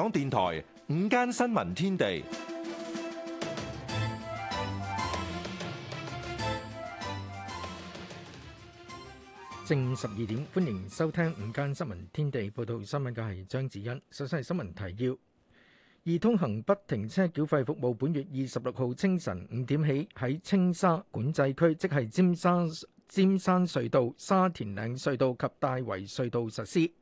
香港電台午間新聞天地，正午十二點，歡迎收聽午間新聞天地。報道新聞嘅係張子欣，首先係新聞提要：易通行不停車繳費服務本月二十六號清晨五點起喺青沙管制區，即係尖沙尖山隧道、沙田嶺隧道及大圍隧道實施。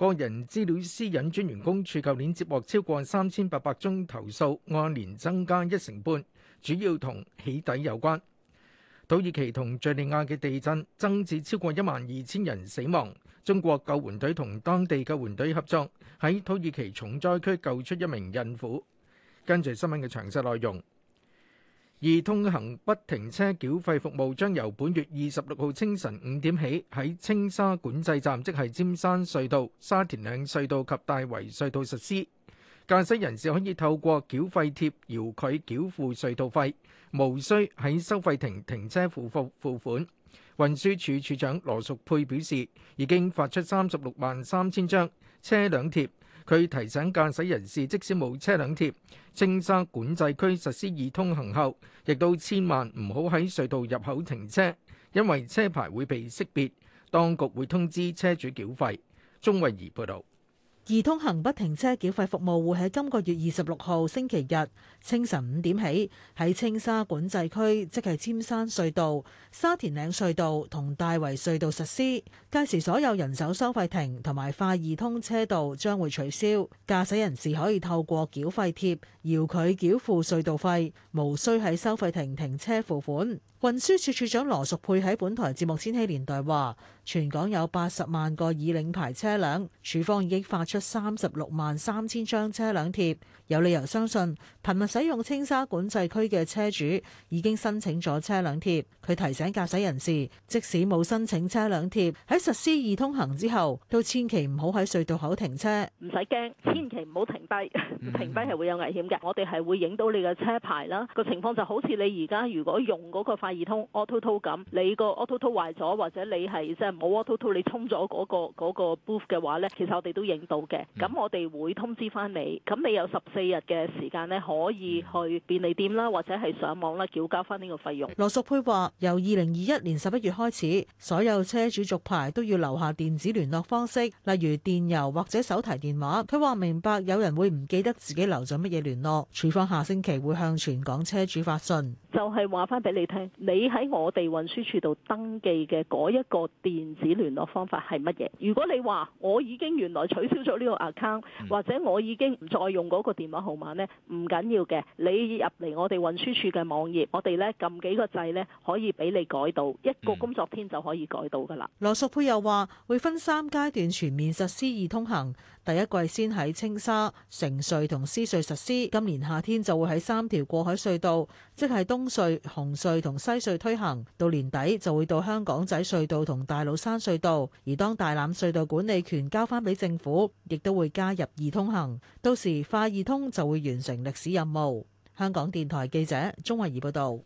個人資料私隱專員公署舊年接獲超過三千八百宗投訴，按年增加一成半，主要同起底有關。土耳其同敘利亞嘅地震增至超過一萬二千人死亡。中國救援隊同當地救援隊合作，喺土耳其重災區救出一名孕婦。跟住新聞嘅詳細內容。而通行不停車繳費服務將由本月二十六號清晨五點起喺青沙管制站，即係尖山隧道、沙田嶺隧道及大圍隧道實施。駕駛人士可以透過繳費貼遙距繳付隧道費，無需喺收費亭停車付付付款。運輸署署長羅淑佩表示，已經發出三十六萬三千張車輛貼。佢提醒駕駛人士，即使冇車輛貼，青沙管制區實施易通行後，亦都千萬唔好喺隧道入口停車，因為車牌會被識別，當局會通知車主繳費，鍾慧儀報道。易通行不停車繳費服務會喺今個月二十六號星期日清晨五點起喺青沙管制區，即係尖山隧道、沙田嶺隧道同大圍隧道實施。屆時所有人手收費亭同埋快易通車道將會取消。駕駛人士可以透過繳費貼遙距繳付隧道費，無需喺收費亭停車付款。運輸署署長羅淑佩喺本台節目《千禧年代》話。全港有八十萬個已領牌車輛，署方已經發出三十六萬三千張車輛貼，有理由相信頻密使用青沙管制區嘅車主已經申請咗車輛貼。佢提醒駕駛人士，即使冇申請車輛貼，喺實施易通行之後，都千祈唔好喺隧道口停車。唔使驚，千祈唔好停低，停低係會有危險嘅。我哋係會影到你嘅車牌啦。個情況就好似你而家如果用嗰個快易通 Autotoll 咁，to to，你個 Autotoll 壞咗，或者你係即係。我 t o t 你充咗嗰個嗰個 booth 嘅話咧，其實我哋都影到嘅。咁我哋會通知翻你，咁你有十四日嘅時間咧，可以去便利店啦，或者係上網啦繳交翻呢個費用。羅淑佩話：由二零二一年十一月開始，所有車主續牌都要留下電子聯絡方式，例如電郵或者手提電話。佢話明白有人會唔記得自己留咗乜嘢聯絡，處方下星期會向全港車主發信，就係話翻俾你聽，你喺我哋運輸處度登記嘅嗰一個電。電子聯絡方法係乜嘢？如果你話我已經原來取消咗呢個 account，或者我已經唔再用嗰個電話號碼呢，唔緊要嘅。你入嚟我哋運輸處嘅網頁，我哋呢撳幾個掣呢，可以俾你改到一個工作天就可以改到㗎喇。羅淑佩又話會分三階段全面實施易通行。第一季先喺青沙、城隧同獅隧實施，今年夏天就會喺三條過海隧道，即係東隧、紅隧同西隧推行，到年底就會到香港仔隧道同大老山隧道。而當大欖隧道管理權交翻俾政府，亦都會加入易通行，到時快易通就會完成歷史任務，香港電台記者鍾慧儀報道。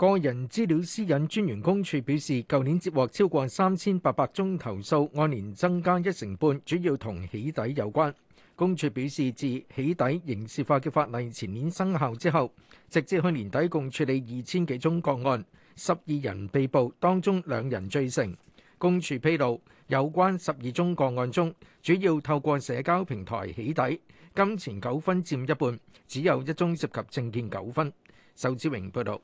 個人資料私隱專員公署表示，舊年接獲超過三千八百宗投訴，按年增加一成半，主要同起底有關。公署表示，自起底刑事化嘅法例前年生效之後，直至去年底共處理二千幾宗個案，十二人被捕，當中兩人罪成。公署披露，有關十二宗個案中，主要透過社交平台起底，金錢糾紛佔一半，只有一宗涉及證件糾紛。仇志榮報導。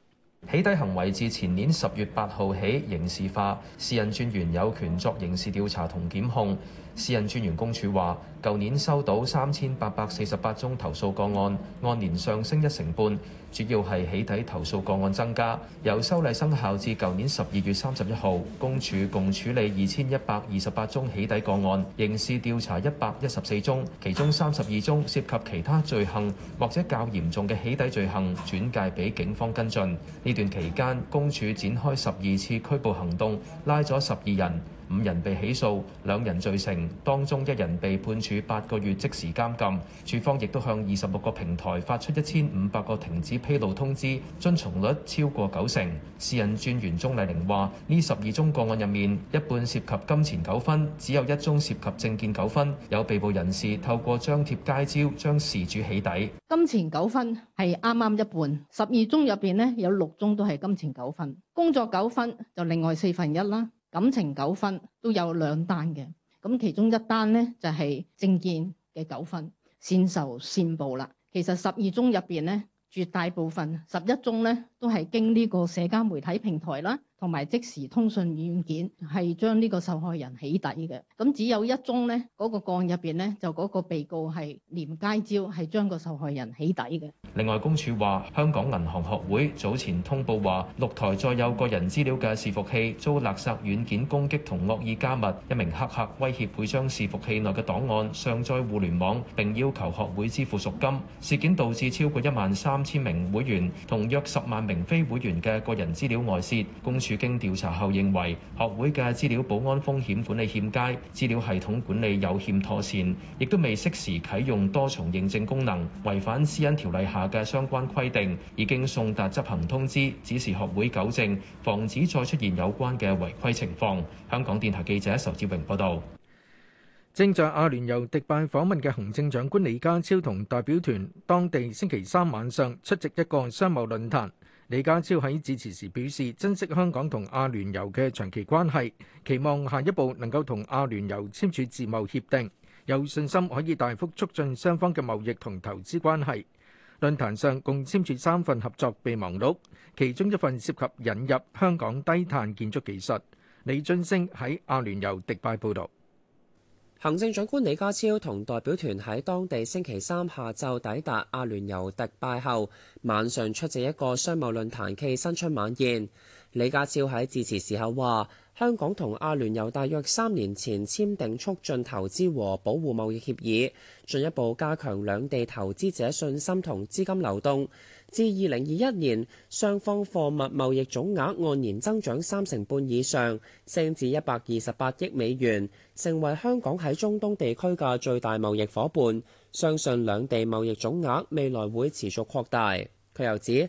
起底行為自前年十月八號起刑事化，私隱專員有權作刑事調查同檢控。私隱專員公署話，舊年收到三千八百四十八宗投訴個案，按年上升一成半，主要係起底投訴個案增加。由修例生效至舊年十二月三十一號，公署共處理二千一百二十八宗起底個案，刑事調查一百一十四宗，其中三十二宗涉及其他罪行或者較嚴重嘅起底罪行，轉介俾警方跟進。呢段期間，公署展開十二次拘捕行動，拉咗十二人。五人被起訴，兩人罪成，當中一人被判處八個月即時監禁。署方亦都向二十六個平台發出一千五百個停止披露通知，遵從率超過九成。私隱專員鍾麗玲話：呢十二宗個案入面，一半涉及金錢糾紛，只有一宗涉及證件糾紛。有被捕人士透過張貼街招將事主起底。金錢糾紛係啱啱一半，十二宗入邊呢，有六宗都係金錢糾紛，工作糾紛就另外四分一啦。感情糾紛都有兩單嘅，咁其中一單咧就係、是、政見嘅糾紛先仇先報啦。其實十二宗入邊咧，絕大部分十一宗咧都係經呢個社交媒體平台啦。同埋即時通訊軟件係將呢個受害人起底嘅，咁只有一宗呢嗰、嗰個、個案入邊呢，就嗰個被告係連街招係將個受害人起底嘅。另外，公署話，香港銀行學會早前通報話，六台載有個人資料嘅伺服器遭勒索軟件攻擊同惡意加密，一名黑客，客威脅會將伺服器內嘅檔案上載互聯網，並要求學會支付贖金。事件導致超過一萬三千名會員同約十萬名非會員嘅個人資料外泄。公處經調查後認為，學會嘅資料保安風險管理欠佳，資料系統管理有欠妥善，亦都未適時啟用多重認證功能，違反《私隱條例》下嘅相關規定，已經送達執行通知，指示學會糾正，防止再出現有關嘅違規情況。香港電台記者仇志榮報道。正在阿聯酋迪拜訪問嘅行政長官李家超同代表團當地星期三晚上出席一個商貿論壇。李家超喺致辭時表示，珍惜香港同阿聯酋嘅長期關係，期望下一步能夠同阿聯酋簽署自貿協定，有信心可以大幅促進雙方嘅貿易同投資關係。論壇上共簽署三份合作備忘錄，其中一份涉及引入香港低碳建築技術。李俊升喺阿聯酋迪拜報道。行政長官李家超同代表團喺當地星期三下晝抵達阿聯酋迪迪拜後，晚上出席一個商貿論壇暨新春晚宴。李家超喺致辭時候話：香港同阿聯酋大約三年前簽訂促進投資和保護貿易協議，進一步加強兩地投資者信心同資金流動。至二零二一年，雙方貨物貿易總額按年增長三成半以上，升至一百二十八億美元，成為香港喺中東地區嘅最大貿易夥伴。相信兩地貿易總額未來會持續擴大。佢又指。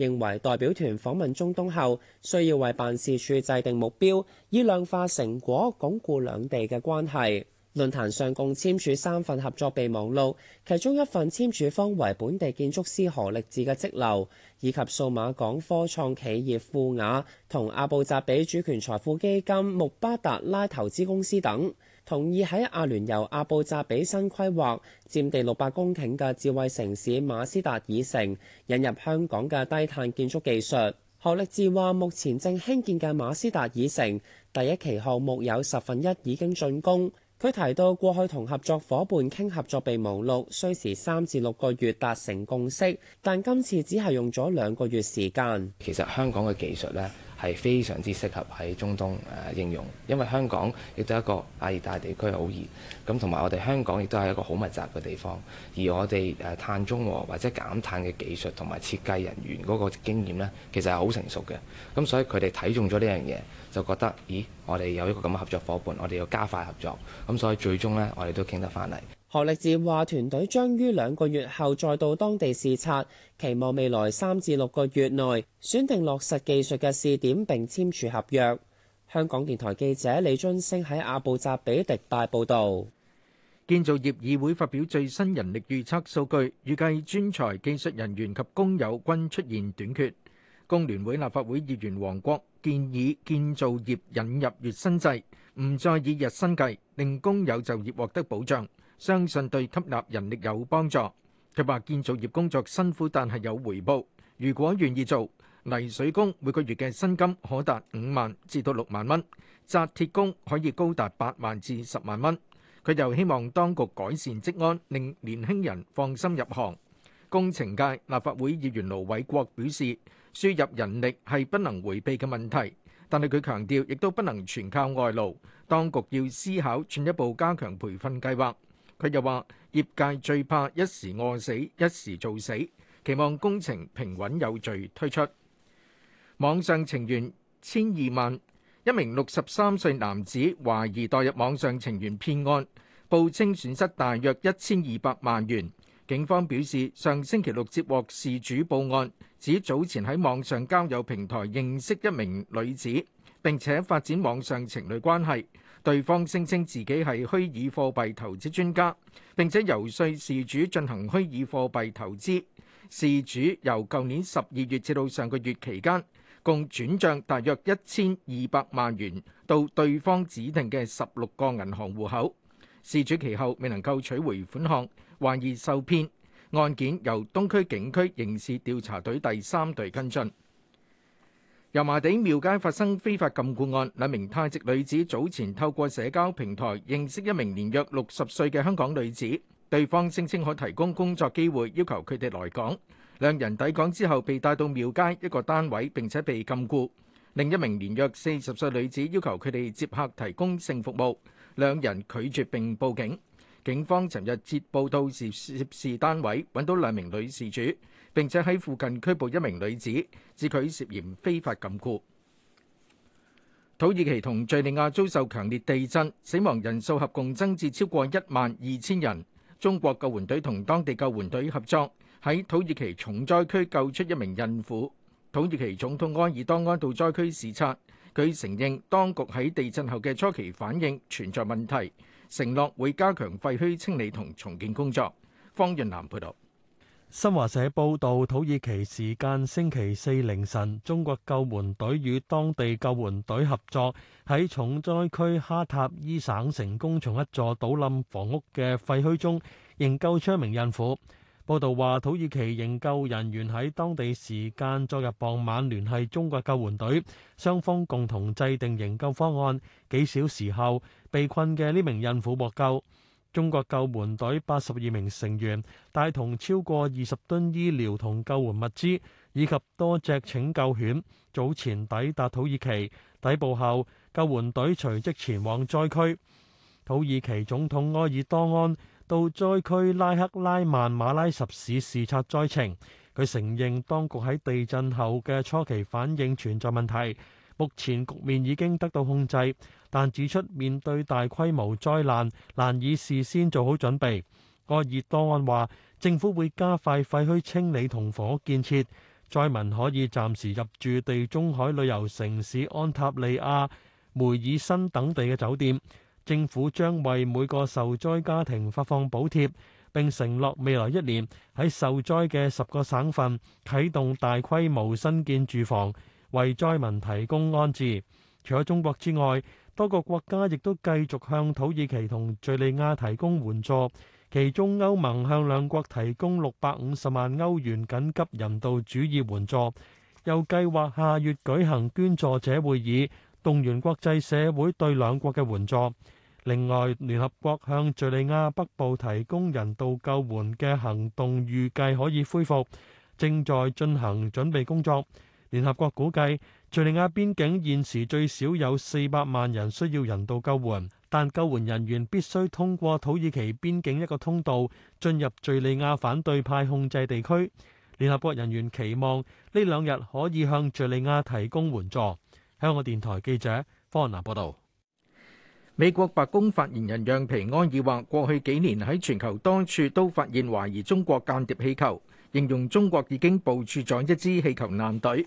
認為代表團訪問中東後，需要為辦事處制定目標，以量化成果，鞏固兩地嘅關係。論壇上共簽署三份合作備忘錄，其中一份簽署方為本地建築師何力智嘅積流，以及數碼港科創企業富雅同阿布扎比主權財富基金穆巴達拉投資公司等。同意喺阿聯酋阿布扎比新規劃佔地六百公頃嘅智慧城市馬斯達爾城引入香港嘅低碳建築技術。何力志話目前正興建嘅馬斯達爾城第一期項目有十分一已經竣工。佢提到過去同合作夥伴傾合作備忘錄需時三至六個月達成共識，但今次只係用咗兩個月時間。其實香港嘅技術咧。係非常之適合喺中東誒、呃、應用，因為香港亦都係一個亞熱帶地區，好熱，咁同埋我哋香港亦都係一個好密集嘅地方，而我哋誒碳中和或者減碳嘅技術同埋設計人員嗰個經驗咧，其實係好成熟嘅，咁所以佢哋睇中咗呢樣嘢，就覺得咦，我哋有一個咁嘅合作伙伴，我哋要加快合作，咁所以最終呢，我哋都傾得翻嚟。何力志話：團隊將於兩個月後再到當地視察，期望未來三至六個月內選定落實技術嘅試點並簽署合約。香港電台記者李津升喺阿布扎比迪拜報導，建造業議會發表最新人力預測數據，預計專才技術人員及工友均出現短缺。工聯會立法會議員王國建議建造業引入月薪制，唔再以日薪計，令工友就業獲得保障。相信對吸納人力有幫助。佢話：建造業工作辛苦，但係有回報。如果願意做泥水工，每個月嘅薪金可達五萬至到六萬蚊；紮鐵工可以高達八萬至十萬蚊。佢又希望當局改善職安，令年輕人放心入行。工程界立法會議員盧偉國表示：輸入人力係不能迴避嘅問題，但係佢強調亦都不能全靠外勞，當局要思考進一步加強培訓計劃。佢又話：業界最怕一時餓死，一時做死，期望工程平穩有序推出。網上情緣千二萬，一名六十三歲男子懷疑墮入網上情緣騙案，報稱損失大約一千二百萬元。警方表示，上星期六接獲事主報案，指早前喺網上交友平台認識一名女子，並且發展網上情侶關係。對方聲稱自己係虛擬貨幣投資專家，並且遊說事主進行虛擬貨幣投資。事主由舊年十二月至到上個月期間，共轉賬大約一千二百萬元到對方指定嘅十六個銀行戶口。事主其後未能夠取回款項，懷疑受騙。案件由東區警區刑事調查隊第三隊跟進。油麻地廟街發生非法禁錮案，兩名泰籍女子早前透過社交平台認識一名年約六十歲嘅香港女子，對方聲稱可提供工作機會，要求佢哋來港。兩人抵港之後被帶到廟街一個單位並且被禁錮。另一名年約四十歲女子要求佢哋接客提供性服務，兩人拒絕並報警。警方尋日接報到涉事單位，揾到兩名女事主。並且喺附近拘捕一名女子，指佢涉嫌非法禁錮。土耳其同敘利亞遭受強烈地震，死亡人數合共增至超過一萬二千人。中國救援隊同當地救援隊合作，喺土耳其重災區救出一名孕婦。土耳其總統安爾多安到災區視察，佢承認當局喺地震後嘅初期反應存在問題，承諾會加強廢墟清理同重建工作。方潤南報道。新華社報道，土耳其時間星期四凌晨，中國救援隊與當地救援隊合作，喺重災區哈塔伊省成功從一座倒冧房屋嘅廢墟中營救出一名孕婦。報道話，土耳其營救人員喺當地時間昨日傍晚聯繫中國救援隊，雙方共同制定營救方案，幾小時後，被困嘅呢名孕婦獲救。中國救援隊八十二名成員，帶同超過二十噸醫療同救援物資以及多隻拯救犬，早前抵達土耳其。抵埗後，救援隊隨即前往災區。土耳其總統埃爾多安到災區拉克拉曼馬拉什市視察災情。佢承認當局喺地震後嘅初期反應存在問題。目前局面已經得到控制，但指出面對大規模災難，難以事先做好準備。阿爾多安話：政府會加快廢墟清理同房屋建設，災民可以暫時入住地中海旅遊城市安塔利亞、梅爾森等地嘅酒店。政府將為每個受災家庭發放補貼，並承諾未來一年喺受災嘅十個省份啟動大規模新建住房。為災民提供安置。除咗中國之外，多個國家亦都繼續向土耳其同敘利亞提供援助。其中歐盟向兩國提供六百五十萬歐元緊急人道主義援助，又計劃下月舉行捐助者會議，動員國際社會對兩國嘅援助。另外，聯合國向敘利亞北部提供人道救援嘅行動預計可以恢復，正在進行準備工作。聯合國估計，敍利亞邊境現時最少有四百萬人需要人道救援，但救援人員必須通過土耳其邊境一個通道進入敍利亞反對派控制地區。聯合國人員期望呢兩日可以向敍利亞提供援助。香港電台記者方安娜報道。美國白宮發言人讓皮安爾話：過去幾年喺全球多處都發現懷疑中國間諜氣球，形容中國已經部署咗一支氣球艦隊。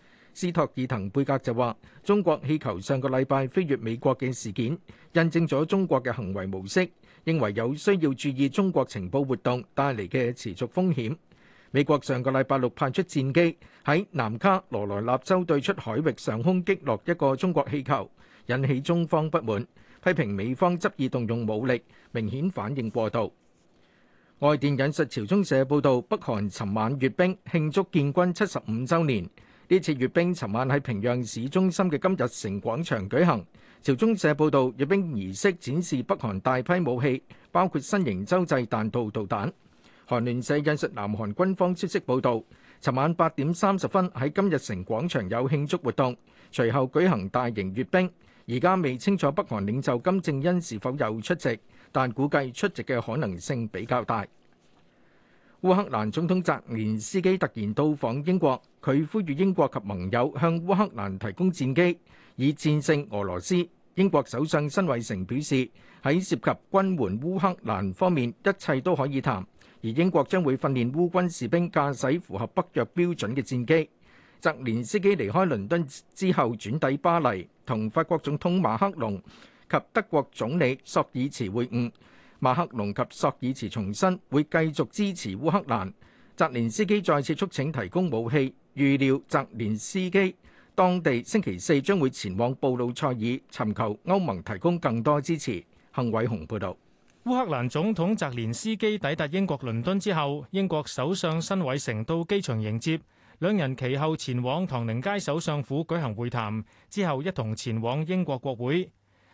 斯托爾滕貝格就話：中國氣球上個禮拜飛越美國嘅事件，印證咗中國嘅行為模式，認為有需要注意中國情報活動帶嚟嘅持續風險。美國上個禮拜六派出戰機喺南卡羅來納州對出海域上空擊落一個中國氣球，引起中方不滿，批評美方執意動用武力，明顯反應過度。外電引述朝中社報導，北韓尋晚閱兵慶祝建軍七十五週年。呢次閱兵尋晚喺平壤市中心嘅金日成廣場舉行。朝中社報道，閱兵儀式展示北韓大批武器，包括新型洲際彈道導彈。韓聯社引述南韓軍方消息報道，尋晚八點三十分喺金日成廣場有慶祝活動，隨後舉行大型閱兵。而家未清楚北韓領袖金正恩是否有出席，但估計出席嘅可能性比較大。烏克蘭總統澤連斯基突然到訪英國，佢呼籲英國及盟友向烏克蘭提供戰機，以戰勝俄羅斯。英國首相辛偉誠表示，喺涉及軍援烏克蘭方面，一切都可以談，而英國將會訓練烏軍士兵駕駛符合北約標準嘅戰機。澤連斯基離開倫敦之後，轉抵巴黎，同法國總統馬克龍及德國總理朔爾茨會晤。馬克龍及索爾茨重申會繼續支持烏克蘭。澤連斯基再次促請提供武器，預料澤連斯基當地星期四將會前往布魯塞爾尋求歐盟提供更多支持。幸偉雄報導。烏克蘭總統澤連斯基抵達英國倫敦之後，英國首相辛偉誠到機場迎接，兩人其後前往唐寧街首相府舉行會談，之後一同前往英國國會。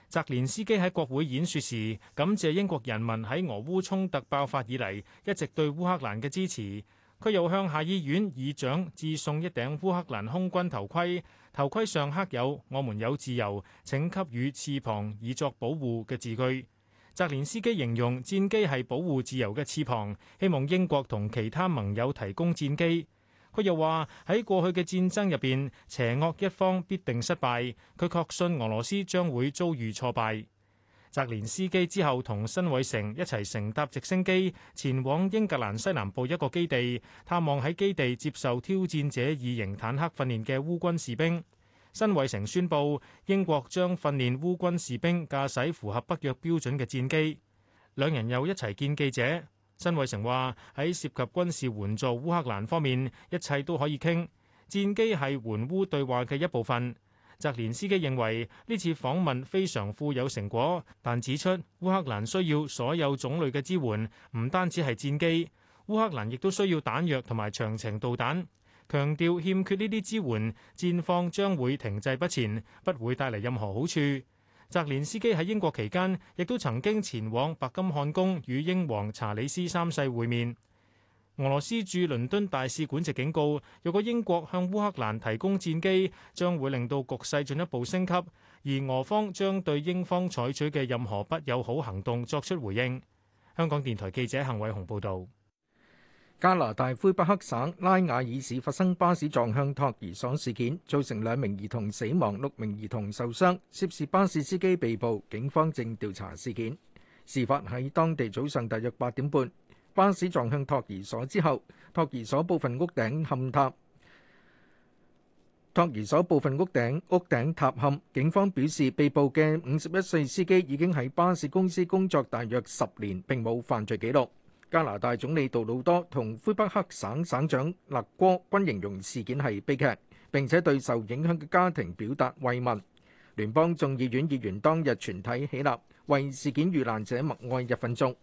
澤連斯基喺國會演說時，感謝英國人民喺俄烏衝突爆發以嚟一直對烏克蘭嘅支持。佢又向下議院議長致送一頂烏克蘭空軍頭盔，頭盔上刻有“我們有自由，請給予翅膀以作保護”嘅字句。澤連斯基形容戰機係保護自由嘅翅膀，希望英國同其他盟友提供戰機。他又話：喺過去嘅戰爭入邊，邪惡一方必定失敗。佢確信俄羅斯將會遭遇挫敗。澤連斯基之後同辛偉誠一齊乘搭直升機前往英格蘭西南部一個基地，探望喺基地接受挑戰者二型坦克訓練嘅烏軍士兵。辛偉誠宣布英國將訓練烏軍士兵駕駛符合北約標準嘅戰機。兩人又一齊見記者。新偉成話：喺涉及軍事援助烏克蘭方面，一切都可以傾。戰機係援烏對話嘅一部分。澤連斯基認為呢次訪問非常富有成果，但指出烏克蘭需要所有種類嘅支援，唔單止係戰機。烏克蘭亦都需要彈藥同埋長程導彈。強調欠缺呢啲支援，戰況將會停滯不前，不會帶嚟任何好處。澤連斯基喺英國期間，亦都曾經前往白金漢宮與英皇查理斯三世會面。俄羅斯駐倫敦大使館直警告，若果英國向烏克蘭提供戰機，將會令到局勢進一步升級，而俄方將對英方採取嘅任何不友好行動作出回應。香港電台記者幸偉雄報道。加拿大魁北克省拉瓦爾市發生巴士撞向托兒所事件，造成兩名兒童死亡，六名兒童受傷，涉事巴士司機被捕，警方正調查事件。事發喺當地早上大約八點半，巴士撞向托兒所之後，托兒所部分屋頂冚塌。托兒所部分屋頂屋頂塌陷，警方表示被捕嘅五十一歲司機已經喺巴士公司工作大約十年，並冇犯罪記錄。加拿大總理杜魯多同魁北克省省長勒哥均形容事件係悲劇，並且對受影響嘅家庭表達慰問。聯邦眾議院議員當日全體起立，為事件遇難者默哀一分鐘。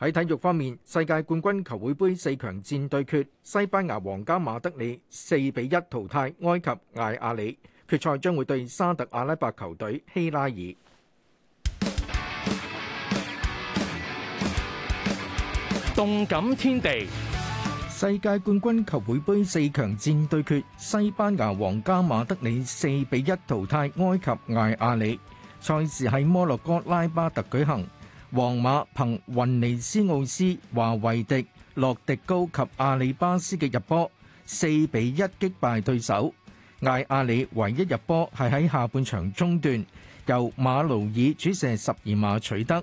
喺體育方面，世界冠軍球會杯四強戰對決，西班牙皇家馬德里四比一淘汰埃及艾阿里，決賽將會對沙特阿拉伯球隊希拉爾。動感天地，世界冠軍球會杯四強戰對決，西班牙皇家馬德里四比一淘汰埃及艾阿里。賽事喺摩洛哥拉巴特舉行，皇馬憑雲尼斯奧斯、華維迪、洛迪高及阿里巴斯嘅入波，四比一擊敗對手。艾阿里唯一入波係喺下半場中段，由馬勞爾主射十二碼取得。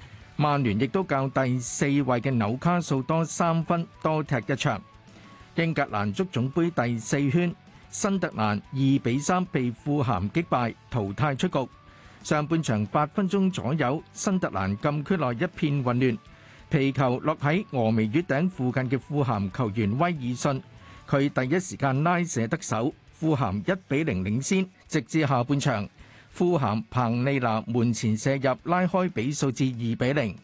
曼聯亦都較第四位嘅紐卡素多三分，多踢一場。英格蘭足總杯第四圈，新特蘭二比三被富咸擊敗，淘汰出局。上半場八分鐘左右，新特蘭禁區內一片混亂，皮球落喺峨眉月頂附近嘅富咸球員威爾遜，佢第一時間拉射得手，富咸一比零領先，直至下半場。富咸彭利拿門前射入，拉開比數至二比零。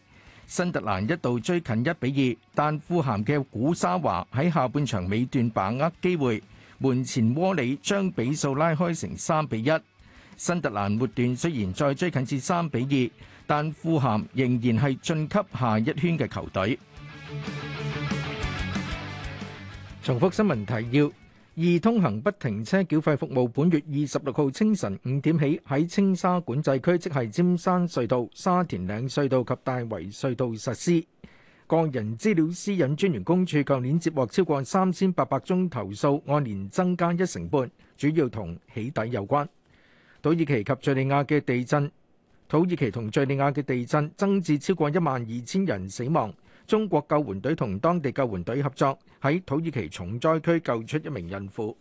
新特蘭一度追近一比二，但富咸嘅古沙華喺下半場尾段把握機會，門前窩里將比數拉開成三比一。新特蘭末段雖然再追近至三比二，但富咸仍然係晉級下一圈嘅球隊。重複新聞提要。易通行不停車繳費服務本月二十六號清晨五點起喺青沙管制區，即係尖山隧道、沙田嶺隧道及大圍隧道實施。個人資料私隱專員公署舊年接獲超過三千八百宗投訴，按年增加一成半，主要同起底有關。土耳其及敘利亞嘅地震，土耳其同敘利亞嘅地震增至超過一萬二千人死亡。中國救援隊同當地救援隊合作，喺土耳其重災區救出一名孕婦。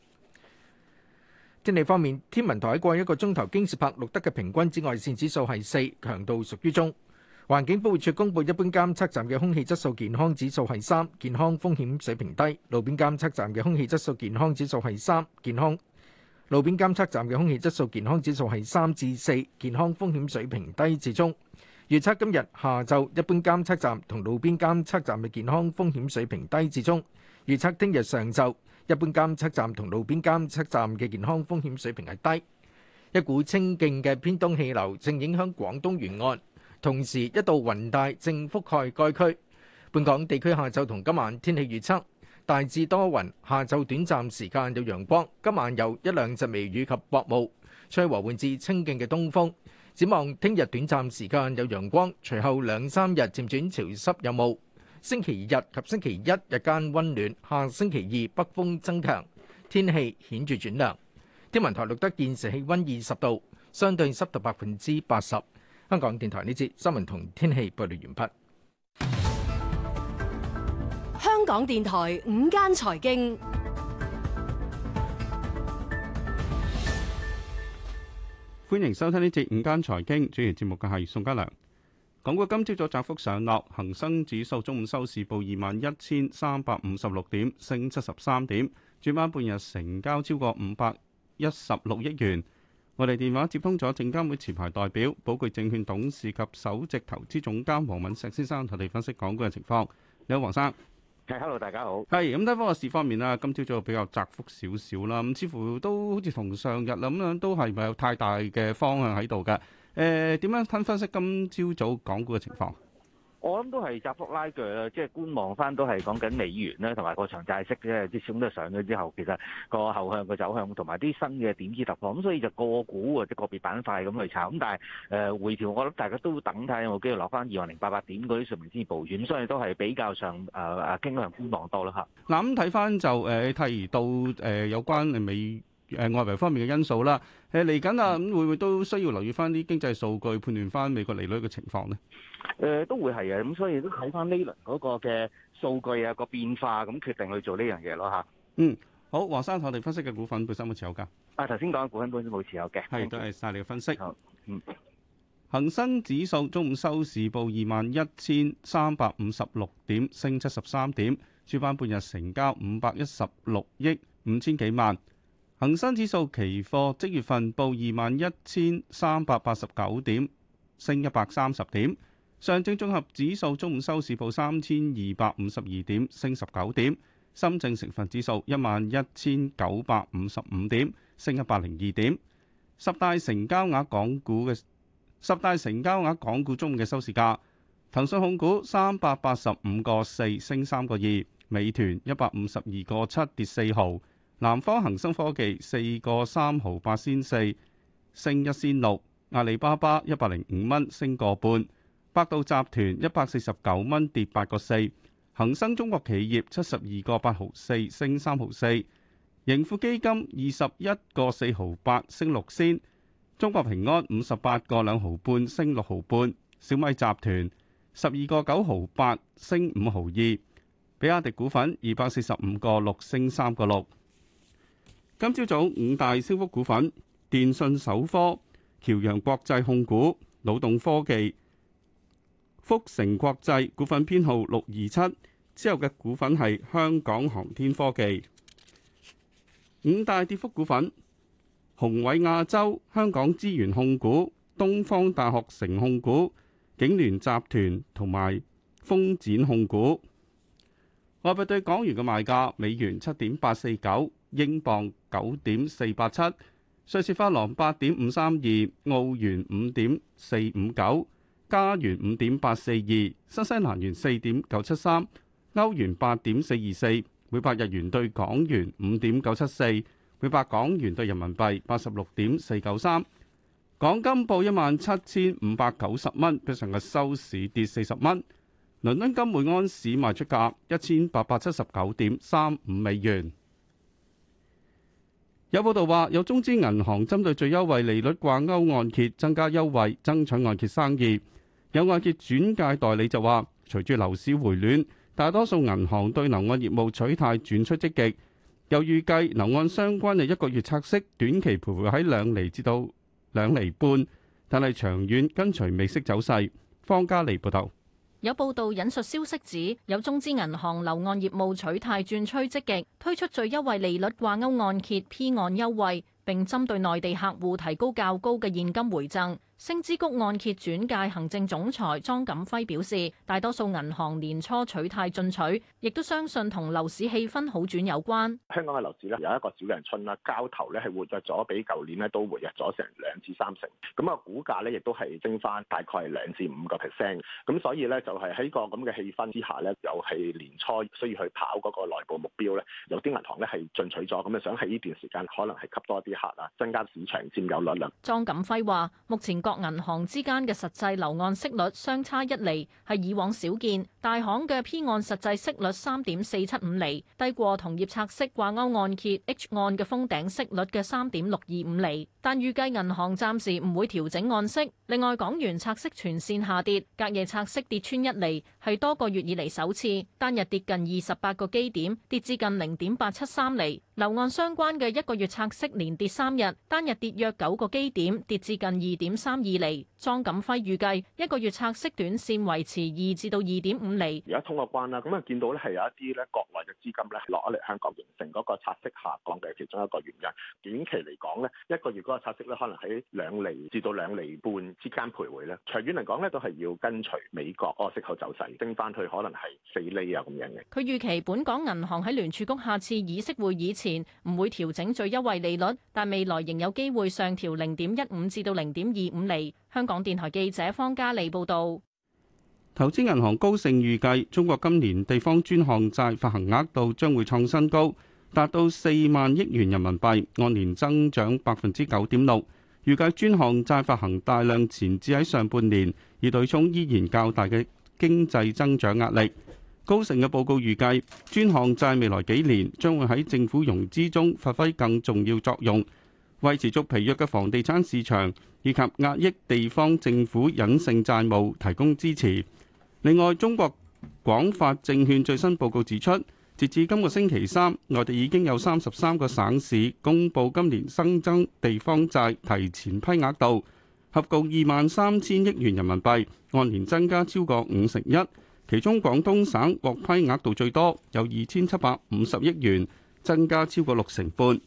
天氣方面，天文台喺過去一個鐘頭京士柏錄得嘅平均紫外線指數係四，強度屬於中。環境保護署公布一般監測站嘅空氣質素健康指數係三，健康風險水平低。路邊監測站嘅空氣質素健康指數係三，健康。路邊監測站嘅空氣質素健康指數係三至四，健康風險水平低至中。預測今日下晝一般監測站同路邊監測站嘅健康風險水平低至中。預測聽日上晝一般監測站同路邊監測站嘅健康風險水平係低。一股清勁嘅偏東氣流正影響廣東沿岸，同時一道雲帶正覆蓋該區。本港地區下晝同今晚天氣預測大致多雲，下晝短暫時間有陽光，今晚有一兩陣微雨及薄霧，吹和緩至清勁嘅東風。展望聽日短暫時間有陽光，隨後兩三日漸轉潮濕有霧。星期日及星期一日間温暖，下星期二北風增強，天氣顯著轉涼。天文台錄得現時氣温二十度，相對濕度百分之八十。香港電台呢節新聞同天氣報道完畢。香港電台午間財經。歡迎收聽呢節午間財經，主持節目嘅係宋家良。港股今朝早窄幅上落，恒生指數中午收市報二萬一千三百五十六點，升七十三點。主板半日成交超過五百一十六億元。我哋電話接通咗證監會前排代表、寶具證券董事及首席投資總監黃敏石先生，同你分析港股嘅情況。你好，黃生。Hello, 大家好。係，咁睇翻個市方面啦，今朝早比較窄幅少少啦，咁似乎都好似同上日咁樣都係唔係有太大嘅方向喺度㗎。誒、呃，點樣睇分析今朝早港股嘅情況？我諗都係窄幅拉鋸啦，即係觀望翻都係講緊美元咧，同埋個長債息咧，啲始終都上咗之後，其實個後向嘅、那個、走向同埋啲新嘅點子突破，咁所以就個股或者個別板塊咁去炒，咁但係誒回調，我諗大家都等睇有冇機會落翻二萬零八八點嗰啲水平先報遠，所以都係比較上誒誒，傾向觀望多啦吓。嗱，咁睇翻就誒，提到誒、呃、有關美。誒外圍方面嘅因素啦，誒嚟緊啊，咁、嗯、會唔會都需要留意翻啲經濟數據，判斷翻美國利率嘅情況呢？誒、呃、都會係啊，咁所以都睇翻呢輪嗰個嘅數據啊個變化，咁決定去做呢樣嘢咯。吓，嗯，好，黃生，我哋分析嘅股份本身冇持有噶？啊，頭先講股份本身冇持有嘅，係都係晒你嘅分析。好嗯，恆生指數中午收市報二萬一千三百五十六點，升七十三點，主板半日成交五百一十六億五千幾萬。恒生指數期貨即月份報二萬一千三百八十九點，升一百三十點。上證綜合指數中午收市報三千二百五十二點，升十九點。深證成分指數一萬一千九百五十五點，升一百零二點。十大成交額港股嘅十大成交額港股中午嘅收市價，騰訊控股三百八十五個四升三個二，美團一百五十二個七跌四毫。南方恒生科技四個三毫八先四升一先六，阿里巴巴一百零五蚊升個半，百度集團一百四十九蚊跌八個四，恒生中國企業七十二個八毫四升三毫四，盈富基金二十一個四毫八升六先，中國平安五十八個兩毫半升六毫半，小米集團十二個九毫八升五毫二，比亞迪股份二百四十五個六升三個六。今朝早，早五大升幅股份：電信首科、僑陽國際控股、腦動科技、福成國際股份編號六二七。之後嘅股份係香港航天科技。五大跌幅股份：宏偉亞洲、香港資源控股、東方大學城控股、景聯集團同埋豐展控股。外幣對港元嘅賣價：美元七點八四九。英鎊九點四八七，瑞士法郎八點五三二，澳元五點四五九，加元五點八四二，新西蘭元四點九七三，歐元八點四二四，每百日元對港元五點九七四，每百港元對人民幣八十六點四九三。港金報一萬七千五百九十蚊，比上日收市跌四十蚊。倫敦金每盎司賣出價一千八百七十九點三五美元。有報道話，有中資銀行針對最優惠利率掛鈎按揭，增加優惠，爭取按揭生意。有按揭轉介代理就話，隨住樓市回暖，大多數銀行對樓按業務取態轉趨積極。又預計樓按相關嘅一個月拆息短期徘徊喺兩厘至到兩厘半，但係長遠跟隨美息走勢。方家利報道。有報道引述消息指，有中資銀行樓按業務取態轉趨積極，推出最優惠利率掛鈎按揭、P 按優惠，並針對內地客戶提供較高嘅現金回贈。星之谷按揭轉介行政總裁莊錦輝表示，大多數銀行年初取態進取，亦都相信同樓市氣氛好轉有關。香港嘅樓市咧有一個小陽春啦，交投咧係活躍咗，比舊年咧都活躍咗成兩至三成。咁啊，估價咧亦都係升返，大概係兩至五個 percent。咁所以呢，就係喺個咁嘅氣氛之下咧，又係年初需要去跑嗰個內部目標咧，有啲銀行咧係進取咗，咁啊想喺呢段時間可能係吸多啲客啊，增加市場佔有率啦。莊錦輝話：目前。各銀行之間嘅實際樓按息率相差一厘，係以往少見。大行嘅 P 按實際息率三點四七五厘，低過同業拆息掛鈎按揭 H 按嘅封頂息率嘅三點六二五厘。但預計銀行暫時唔會調整按息。另外港元拆息全線下跌，隔夜拆息跌穿一厘，係多個月以嚟首次，單日跌近二十八個基點，跌至近零點八七三厘。樓按相關嘅一個月拆息連跌三日，單日跌約九個基點，跌至近二點三二厘，莊錦輝預計一個月拆息短線維持二至到二點五厘。而家通個關啦，咁啊見到咧係有一啲咧國內嘅資金咧落嚟香港，形成嗰個拆息下降嘅其中一個原因。短期嚟講咧，一個月嗰個拆息咧可能喺兩厘至到兩厘半之間徘徊咧。長遠嚟講咧都係要跟隨美國嗰個息口走勢，升翻去可能係四厘啊咁樣嘅。佢預期本港銀行喺聯儲局下次議息會議前唔會調整最優惠利率，但未來仍有機會上調零點一五至到零點二五。嚟，香港電台記者方嘉莉報道。投資銀行高盛預計，中國今年地方專項債發行額度將會創新高，達到四萬億元人民幣，按年增長百分之九點六。預計專項債發行大量前置喺上半年，以對沖依然較大嘅經濟增長壓力。高盛嘅報告預計，專項債未來幾年將會喺政府融資中發揮更重要作用，為持續疲弱嘅房地產市場以及壓抑地方政府隱性債務提供支持。另外，中國廣發證券最新報告指出，截至今個星期三，內地已經有三十三個省市公布今年新增地方債提前批額度，合共二萬三千億元人民幣，按年增加超過五成一。其中，廣東省獲批額度最多，有二千七百五十億元，增加超過六成半。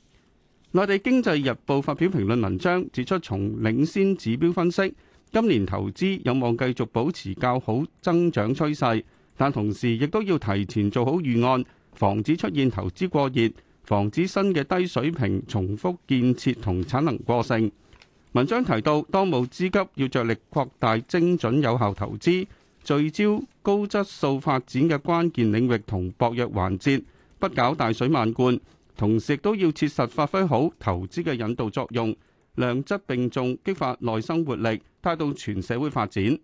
內地經濟日報發表評論文章，指出從領先指標分析，今年投資有望繼續保持較好增長趨勢，但同時亦都要提前做好預案，防止出現投資過熱，防止新嘅低水平重複建設同產能過剩。文章提到，當務之急要着力擴大精準有效投資，聚焦高質素發展嘅關鍵領域同薄弱環節，不搞大水漫灌。同時都要切實發揮好投資嘅引導作用，良質並重，激發內生活力，帶動全社會發展。